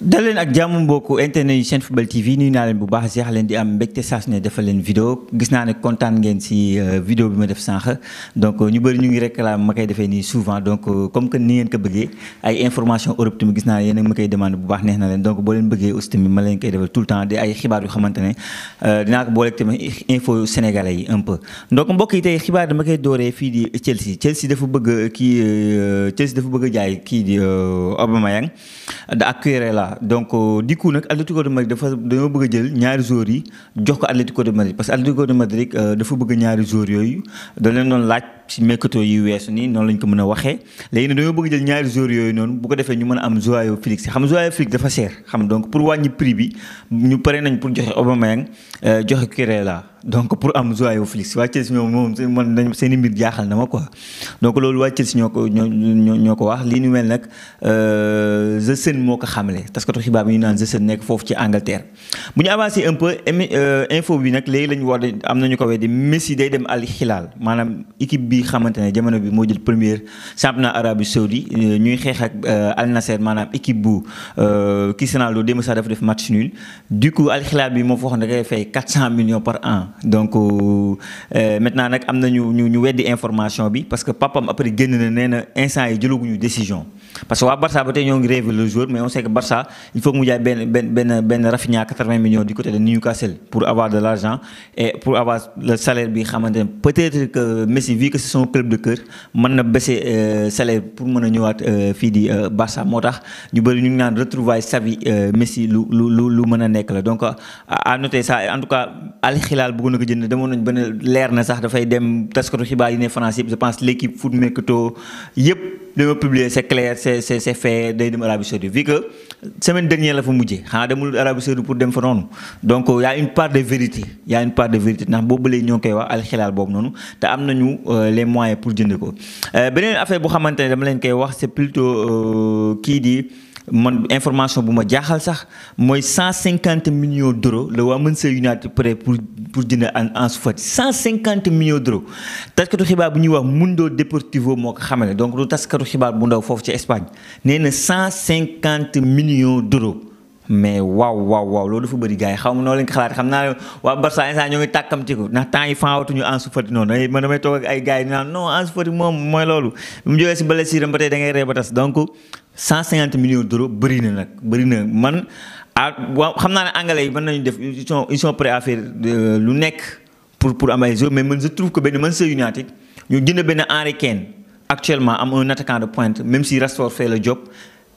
dal leen ak jàmm mbokku internet yi chaîne football TV nii naa leen bu baax jeex leen di am mbégte saa su ne defal leen vidéo gis naa ne kontaan ngeen si euh, vidéo bi ma def sànq donc euh, ñu bëri ñu ngi rek réclame ma koy defee nii souvent donc euh, comme que ni ngeen ko bëggee ay information Europe tamit gis naa ne a ma koy demandé bu baax neex na leen donc boo leen koy defal tout le temps di ay xibaar yu xamante ne dinaa ko booleeg tamit info sénégalais yi un peu donc mbokk yi tey xibaar dama koy dooree fii di Chelsea Chelsea dafa bëgg kii Chelsea dafa bëgg a jaay kii di Aubameyang d'accueillir là donc euh, du coup nag Atlético de Madrid dafa dañoo bëgg a jël ñaari joueurs yi jox ko Atlético de Madrid parce que Atlético de Madrid euh, dafa bëgg ñaari joueurs yooyu da doon laaj. ci mercato yi weesu nii noonu lañ ko mën a waxee léegi nag dañoo bëgg jël ñaari joueurs yooyu noonu bu ko defee ñu mën a am Joao Félix xam Joao Félix dafa seer xam donc pour wàññi prix bi ñu pare euh, am Joao Félix waa Chelsea ñoom moom man dañ seen i mbir jaaxal na ma quoi donc loolu waa Chelsea ñoo ko ñoo ñoo ko wax lii ñu mel nag euh, The Sun moo ko xamle taskatu xibaar bi ñu naan The Sun nekk foofu ci Angleterre. bu ñu avancé euh, bi nag léegi lañu war am nañu ko weddi Messi day dem Al Hilal maanaam équipe bi xamante ne jamono bi moo jël première championnat Arabie Saoudi euh, ñuy xeex ak euh, Al Nasser manam équipe bu euh, Cristiano Ronaldo sa sax def match nul du coup Al Hilal bi mo fait da fay 400 millions par an donc maintenant nak amna ñu ñu ñu information bi parce que papam après génn na néna instant yi ñu décision parce que wa Barça batay tey rêve le jour, mais on sait que Barça il faut que mu jaay Ben ben ben ben Rafinha 80 millions du côté de Newcastle pour avoir de l'argent et pour avoir le salaire bi xamante peut-être que Messi vu que c'est son club de cœur man na bessé euh, salaire pour mëna ñëwaat euh, fi di euh, Barça motax ñu bari ñu ñaan retrouvailles sa vie euh, Messi lu lu lu, lu mëna nekk la donc à, noter ça en tout cas Al Hilal bëgg na ko jënd demo nañ ben lèr na sax da fay dem taskoro xibaar yi né France je pense l'équipe foot mekto yépp dama publier c'est clair c'est c'est c'est fait day dem Arabie Saoudite vu que semaine dernière la fa xana demul Arabie Saoudite pour dem fa donc euh, y' a une part de vérité Il y' a une part de vérité ndax avons euh, les moyens pour euh, affaire bu dama plutôt Qui dit man information bu ma jaaxal sax moy 150 millions d'euros le wa mense United prêt pour pour en en Fati 150 millions d'euros euros taskatu xibaar bu ñu wax Mundo Deportivo moko monde xamale donc du taskatu xibaar bu ndaw fofu ci Espagne nee 150 millions d'euros mais waaw waaw waaw loolu dafa bëri gars yi xaw ma noo leen ko xalaat xam naa ne waa Barça instant ñoo ngi tàkkamtiku ndax temps yi faawatuñu Ansu Fati non mais damay toog ak ay gars yi non en Fati moom mooy loolu bi mu jógee si blessure ba tey da ngay ree ba donc 150 millions d'euros bëri nak nag bëri man ah waaw xam ne anglais yi mën nañu def ils sont ils sont prêts à faire euh, lu nekk pour pour am mais man je trouve que benn Manchester United ñu jënd ben Harry Kane actuellement am un attaquant de pointe même si Rashford fait le job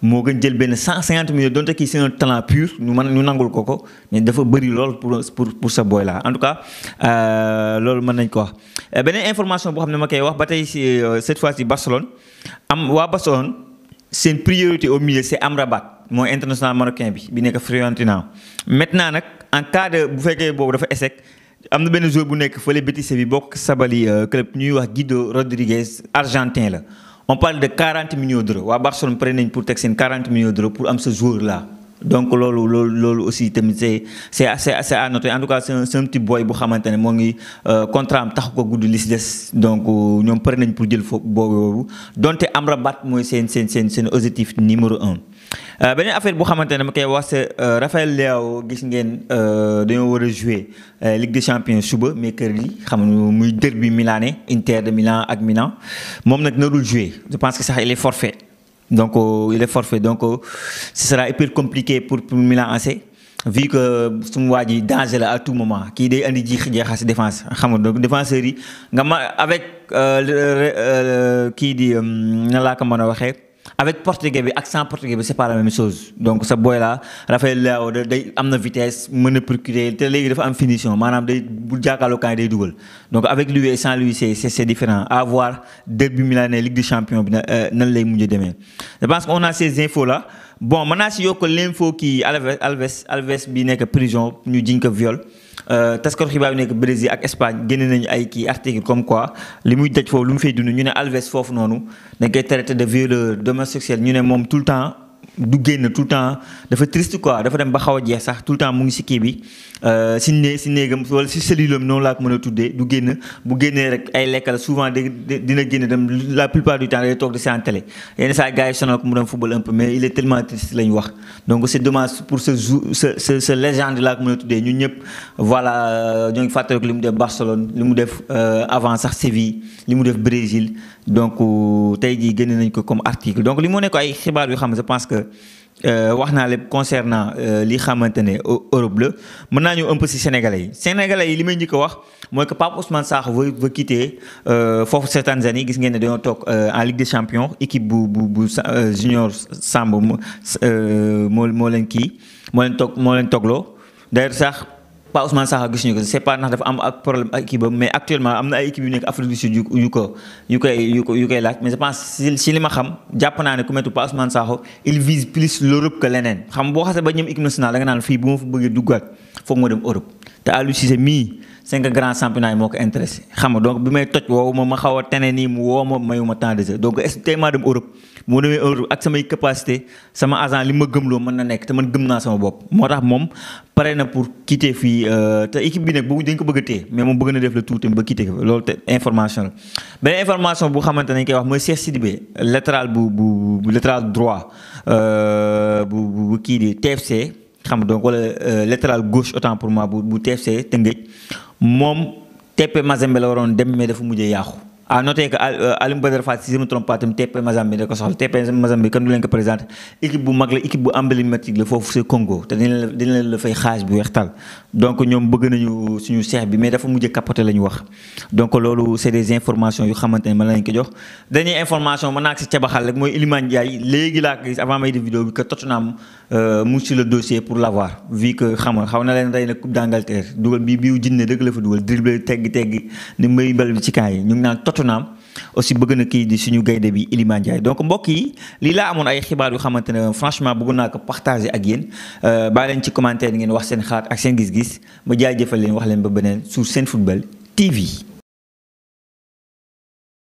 moo gën jël benn 150 millions donte kii c'est un talent pur ñu man ñu nangul ko ko mais dafa bëri lool pour pour pour sa boy la en tout cas euh, loolu mën nañ ko wax. Euh, beneen information boo xam ne ma koy wax ba tey si euh, cette fois ci Barcelone am waa Barcelone seen priorité au milieu c'est Amrabat mooy international marocain bi bi nekk Fiorentina maintenant nak en cas de bu fekkee boobu dafa échec. am na benn joueur bu nekk fële Betis bi bokk sabali club ñuy wax Guido Rodriguez argentin la on parle de 40 millions d'euros waa Barcelone pare nañ pour teg seen 40 millions d'euros pour am ce joueur là donc loolu loolu loolu aussi tamit c'est c'est c'est à noter en tout cas c'est un c'est un bu xamante ne moo ngi euh, contrat am tax ko gudd li si des donc euh, ñoom pare nañ pour jël foofu boobu donte Amrabat mooy seen seen seen seen objectif numéro un. Euh, benen affaire bu xamantene ne dama wax Rafael euh, Raphaël Leao gis ngeen euh, dañoo war jouer Ligue des champions suba mais keur li xam nga muy derby milanais Inter de Milan ak Milan nak na narul jouer je pense que sax il est forfait donc il est forfait donc ce sera hyper compliqué pour pour Milan AC vu que suñu waji danger à tout moment qui day andi ji jeexasi défense xam nga donc défenseurs yi nga ma avec qui dit na la ko mëna a avec portugais avec accent portugais c'est pas la même chose donc ça boy là Raphaël Leao il a une vitesse il a une te il a am finition maanaam il a jàkkaarloo double. donc avec lui et sans lui c'est c'est différent Avoir voir derby milanais Ligue des Champions bi euh, nan lay mujj je pense qu'on a ces infos là bon maintenant, si si avez l'info qui Alves Alves Alves nous disons prison ñu dit viol euh, taskatu xibaar yu nekk Brésil ak Espagne génne nañu ay kii article comme quoi li muy daj foofu lu mu fay dund ñu ne Alves foofu noonu dañ koy traité de violeur d'homosexuel ñu ne moom tout le temps du guen tout le temps dafa triste quoi dafa dem ba xaw a jeex sax tout le temps mu ngi si kii bi euh, si ne si néegam wala si cellule non noonu laa ko mën a du guen bu guené rek ay lekk souvent dina génn dem la plupart du temps day toog di seen télé yenn sa gars yi sonal ko mu dem football un peu mais il est tellement triste la wax donc c'est dommage pour ce ce ce ce légende laa ko meuna a ñun ñep voilà euh, ñu ngi fàttaliku li mu def Barcelone li mu def euh, avant sax Séville li mu def Brésil donc tay ji guené nañ ko comme article donc li moo ko ay xibaar yu xam je pense que euh, waxna le concernant euh, li xamantene Europe la mën nañu un peu si sénégalais sénégalais yi li may njëkk wax mooy que Pape Ousmane sax veut va quitter euh, foofu ces Tanzanie gis ngeen ne dañoo toog en Ligue des champions équipe bu bu bu junior Samb moo moo leen kii moo leen toog moo leen toogloo d'ailleurs sax. pas Ousmane Sakho gis ñu ko c'est pas ndax dafa am ak problème ak équipe mais actuellement am na ay équipe yu nekk Afrique du Sud yu ko yu koy yu koy laaj mais je pense si si li ma xam jàpp naa ne ku méttu pas Ousmane Sakho il vise plus l'Europe que leneen xam boo xasee ba ñoom équipe nationale da nga naan fii bu ma fa bëggee duggaat foog ma dem Europe te Aliou Cissé mii cinq grands championnats yi moo ko intéressé xam nga donc bi may toj woowu ma ma xaw a tene nii mu woo ma mayuma temps de jeu donc est-ce que tey moo demee heure ak samay capacité sama agent li ma gëm loo mën na nekk te man gëm naa sama bopp moo tax moom pare na pour quitter fii euh, te équipe bi nag boobu dañ ko bëgg mais moom bëgg na def le tout tamit loolu te information la. information bu xamante ne koy wax mooy Cheikh Sidibé latéral bu bu bu latéral droit euh, bu bu kii di TFC xam donc wala euh, latéral gauche autant pour moi bu bu TFC Tëngéej moom TP Mazembe la waroon dem mais dafa mujjee yàqu. À ah, noter que euh, Alim Badr Fat, si je ne me trompe pas, TP Mazambi, da ko soxla TP Mazambi comme ni leen ko présenté équipe bu mag la équipe bu emblématique le foofu c'est Congo te dinañ la dinañ la fay xaaj bu weex donc ñoom bëgg nañu suñu seex bi mais dafa mujj capoté la ñu wax donc loolu c'est des informations yu xamante ne mën ko jox dernière information mën naa ko si cabaxal rek mooy Ilimane Ndiaye léegi laa ko gis avant may def vidéo bi que Tottenham euh, mu ngi sur le dossier pour l'avoir vu que xam nga xaw na leen rey nag Coupe d'Angleterre dugal bi biu jinné dëgg la fa dugal dribble teggi teggi ni may bal bi ci kay yi ñu ngi Tottenham aussi bëgg na kii di suñu gaynde bi Iliman Ndiaye donc mbokk yi lii laa amoon ay xibaar yu xamante ne franchement bëgg naa ko partager ak yéen euh, baa leen ci commentaire ngeen wax seen xalaat ak seen gis-gis ma jaajëfal leen wax leen ba beneen sur Senfootball TV.